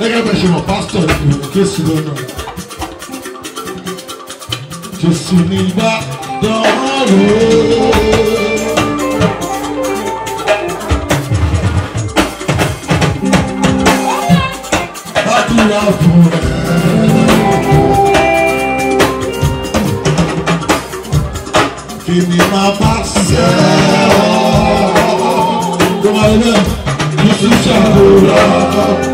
gẹ́gẹ́ bẹ́ẹ̀ ṣe mọ̀ pásítọ̀ jésù dono, jésù ní bá dọ́rọ̀. Kini ma ba se o, ko ma le, Jésù ṣàkóso.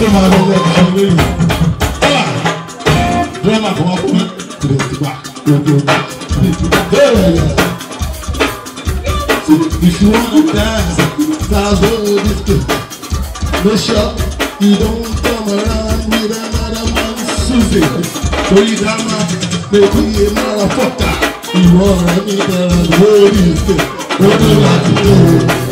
drama na verdade, olha lá. Drama com a ponte, três, quatro, oito, If you wanna dance, that's what this is. Make sure you don't come around with another man's Susie. So you drama, baby, a motherfucker. You wanna meet another world is. What do you like to do?